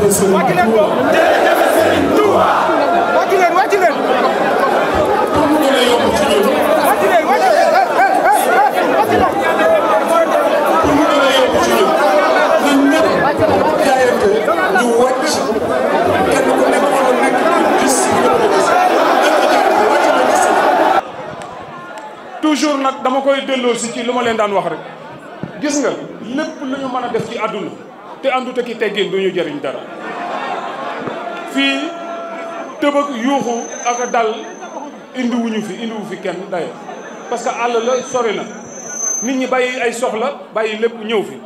jërëjëf Serigne wàcc leen ko jërëjëf Serigne Touba wàcc leen wàcc leen toujours nag dama koy delloo si ci lu ma leen daan wax rek gis nga lépp lu ñu mën a def ci àdduna te àndut ak te teggin du ñu jëriñ dara fii tëbëg yuuxu ak dal indiwuñu fi indiwu fi kenn daye parce que àll la sori na nit ñi bàyyi ay soxla bàyyi lépp ñëw fi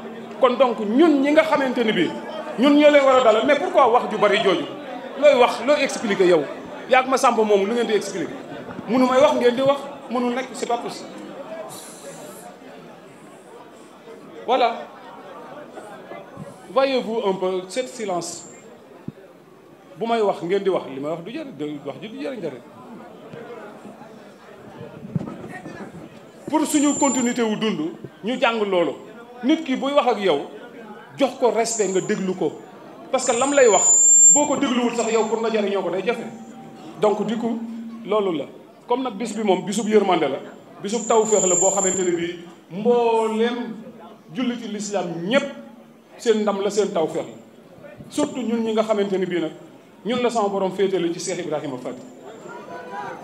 kon donc ñun ñi nga xamante ni bii ñun ñoo leen war a dalal mais pourquoi wax ju bari jooju looy wax looy expliquer yow yaag ma sàmp moomu lu ngeen di expliquer mënu may wax ngeen di wax mënul nekk si pas possible voyez-vous un peu cette silence bu may wax ngeen di wax li may wax du jëriñ wax ji du jëriñ njëriñ pour suñu continuité wu dund ñu jàng loolu nit ki buy wax ak yow jox ko respect nga déglu ko parce que lam lay wax boo ko dégluwul sax yow pour nga jëriñoo ko day jafe donc du coup loolu la comme nag bis bi moom bisub yërmande la bisu taw féex la boo xamante ne bii mbooleem julliti lislaam ñépp seen ndam la seen taw feex surtout ñun ñi nga xamante ni bii nag ñun la sama borom féetale ci Cheikh Ibrahima Fati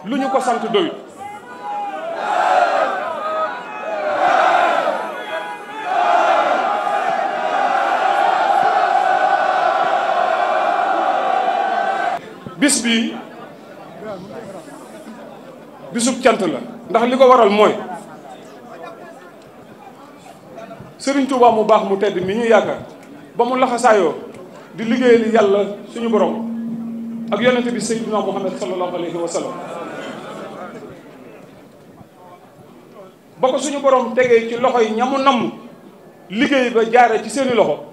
lu ñu ko sant doyut bis bi bisub cant la ndax li ko waral mooy Serigne Touba mu baax mu tedd mi ñuy yaakaar ba mu laxasaayoo di liggéeyal yàlla suñu borom ak yonente bi Seydina Muhammad sallallahu alayhi wa sallam ba ko suñu borom tegee ci loxo yi ñamu namm liggéey ba jaare ci seeni loxo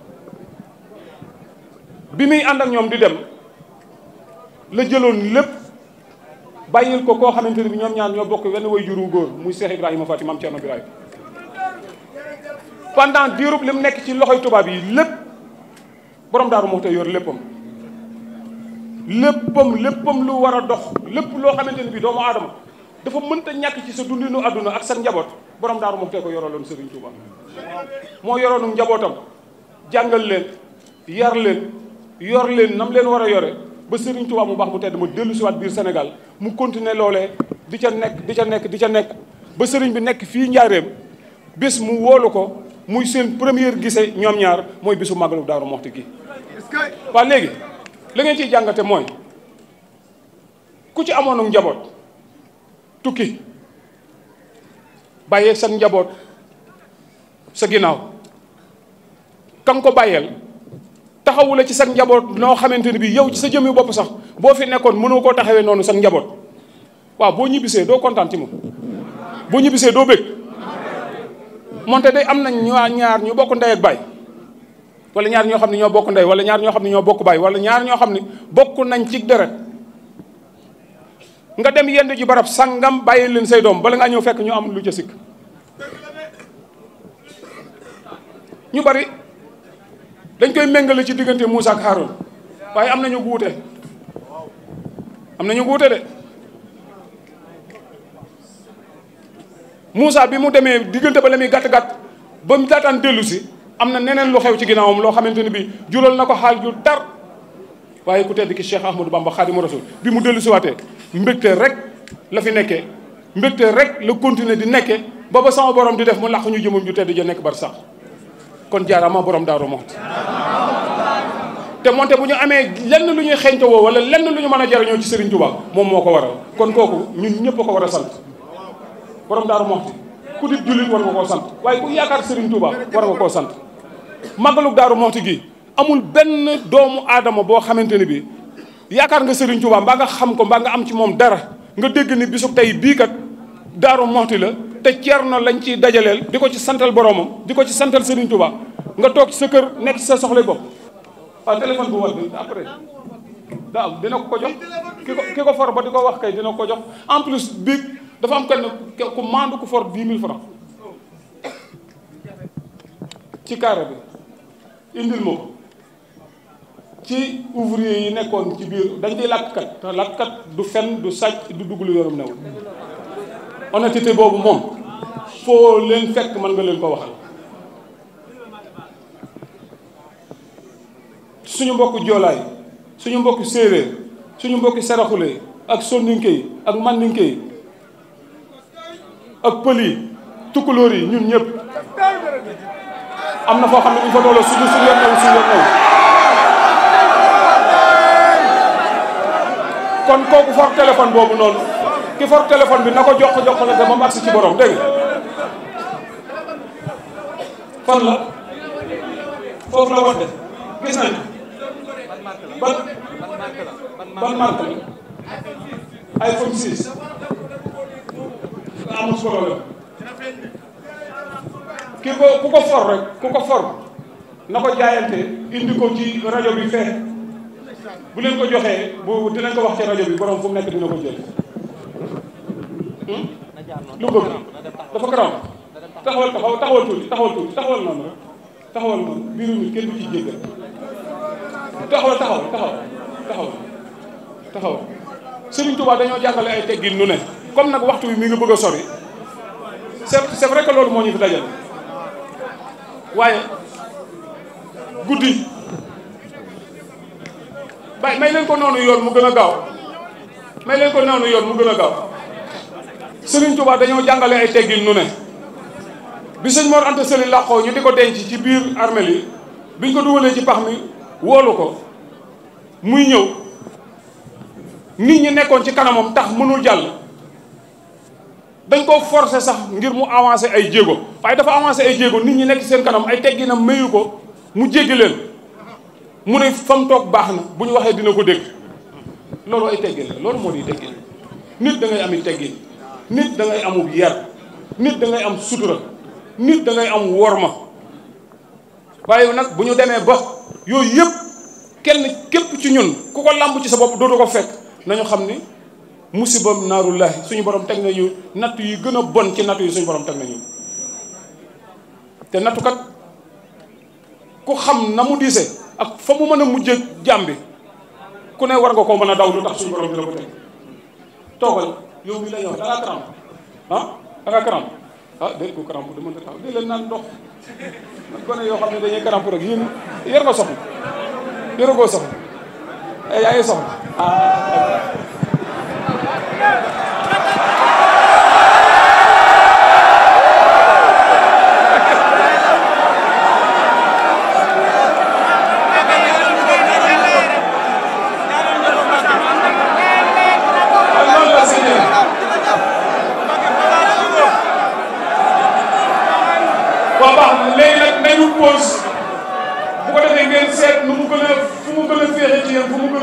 bi muy ànd ak ñoom di dem la jëloon lépp bàyyil ko koo xamante ne bi ñoom ñaar ñoo bokk wenn way juru góor muy Cheikh Ibrahima Faty maam Thierno Birahim pendant diirub li mu nekk ci loxoy tubaab yi lépp borom daaru moo tey yor léppam léppam léppam lu war a dox lépp loo xamante ni bii doomu aadama dafa mënta ñàkk ci sa dundinu àdduna ak sa njaboot borom daaru moo te ko yoraloon Serigne Touba moo yoroonu njabootam jàngal leen yar leen yor leen nam leen war a yore ba Serigne Touba mu baax mu tedd ma dellu si waat biir senegal mu continuer loole di ca nekk di ca nekk di ca nekk ba sëriñ bi nekk fii Njaareem bés mu woolu ko muy seen première gisee ñoom ñaar mooy bisu màggalu Daaru Moxti gi waa léegi li ngeen ciy jàngate mooy ku ci amoon njaboot tukki bàyyee sa njaboot sa ginnaaw kan ko bàyyeel taxawula ci sa njaboot noo xamante ni bi yow ci sa jëmmi bopp sax boo fi nekkoon mënoo koo taxawee noonu sa njaboot waaw boo ñibbisee doo kontaan ci moom boo ñibbisee doo bëgg moonte day am nañ ñaar ñaar ñu bokk ndey ak baay wala ñaar ñoo xam ne ñoo bokk ndey wala ñaar ñoo xam ne ñoo bokk baay wala ñaar ñoo xam ne bokk nañ ci deret nga dem yend ji barab sangam bàyyi leen say doom bala nga ñëw fekk ñu am lu ca sikk ñu bari dañ koy méngale ci diggante Moussa ak waaye am nañu guute am nañu guute de Moussa bi mu demee diggante ba la muy gàtt gàtt ba mu daataan dellu si am na neneen lu xew ci ginnaawam loo xamante ni bi jural na ko xaal ju tar waaye ku tedd ki Cheikh Ahmadou Bamba Xaadimu Rasul bi mu dellu si waatee mbégte rek la fi nekkee mbégte rek la continuer di nekke ba ba sama borom di def mu làq ñu jëmum ju tedd ja nekk bar sax kon jaaraama borom daaru moxti te moonte bu ñu amee lenn lu ñuy xeeñto woo wala lenn lu ñu mën a jariñoo ci Serigne Touba moom moo ko waral kon kooku ñun ñëpp ko war a sant borom daaru moxti ku di jullit war nga koo sant waaye ku yaakaar Serigne Touba war nga koo sant màggalug daaru moxti gi amul benn doomu aadama boo xamante ni bi yaakaar nga Serigne Touba mbaa nga xam ko mbaa nga am ci moom dara nga dégg ni bisu tey bii kat daaru moxti la te ceerno lañ ciy dajaleel di ko ci santal boromam di ko ci santal Serigne Touba nga toog ci sa kër nekk ci sa soxla bopp waaw téléphone bu war bi après daaw dina ko ko jox ki ko ki for ba di ko wax kay dina jox en bi dafa am kenn ku maandu ku for dix mille francs ci carré bi indil ma ko ci ouvrier yi nekkoon ci biir dañ di làkkat te làkkat du fen du sàcc du dugg lu yoonam newul honnêteté boobu moom foo leen fekk mën nga leen ko waxal suñu mbokku joolaay suñu mbokku séeréer suñu mbokku saraxule ak soninke ak mandinke ak pël yi tukkulóor ñun ñëpp am na foo xam ne bu ñu fa doole suñu suñu yoon naw suñu yoon kon kooku for téléphone boobu noonu ki for téléphone bi na ko jox jox la te ba mu agsi ci borom dégg foofu la war def gis ban ban iPhone 6 amul solo la ki ko ku ko for rek ku ko for na ko indi ko ci rajo bi fee bu leen ko joxee bu dinañ ko wax ci rajo bi borom fu mu nekk dina ko hmm? lu bëgg dafa garaaw taxawal taxaw taxawal tuuti taxawal tuuti taxawal noonu rek taxawal noonu biiru nit kenn du ci jéggal taxawal taxaw dañoo jàngale ay teggin ne comme nag waxtu wi mi ngi bëgg a sori c'est c'est loolu moo ñu fi dajal waaye guddi bay may leen ko noonu yoon mu gën a gaaw may leen ko noonu yoon mu gën a gaaw Serigne Touba dañoo jàngale ay teggin nu ne bi sëñ Mor Anta Sali làqoo ñu di ko denc ci biir armel yi biñ ko dugalee ci pax mi woolu ko muy ñëw nit ñi nekkoon ci kanamam tax mënul jàll dañ koo forcer sax ngir mu avancer ay jéego waaye dafa avancer ay jéego nit ñi nekk seen kanam ay tegginam mayu ko mu jéggi leen mu ne fa toog baax na bu ñu waxee dina ko dégg loolu ay teggin la loolu moo di teggin nit da ngay am i teggin nit da ngay amub yar nit da ngay am sutura nit da ngay am worma waaye nag bu ñu demee ba yooyu yëpp kenn képp ci ñun ku ko làmb ci sa bopp dootu ko fekk nañu xam ni. musibam naarullahi suñu borom teg nañu natt yi gën a bon ci nattu yi suñu borom teg nañu te nattukat ku xam na mu diise ak fa mu mën a mujje jaam bi ku ne war nga koo mën a daw lu tax suñu borom bi la ko teg toogal yow mi la ñëw dangaa karam ah dangaa karam ah, karamp da mën a taw di leen naan ndox man gone yoo xam ne dañuy karamp rek yéen yor nga soxla yoragoo soxla eh, yaa ngi soxla ah, Yeah.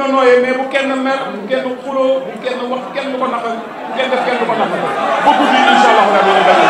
a nooyee mais bu kenn mer bu kenn xuloo bu kenn wax kenn du ko naqal bu kenn def kenn du ko naqal ba guddi incha allah rabi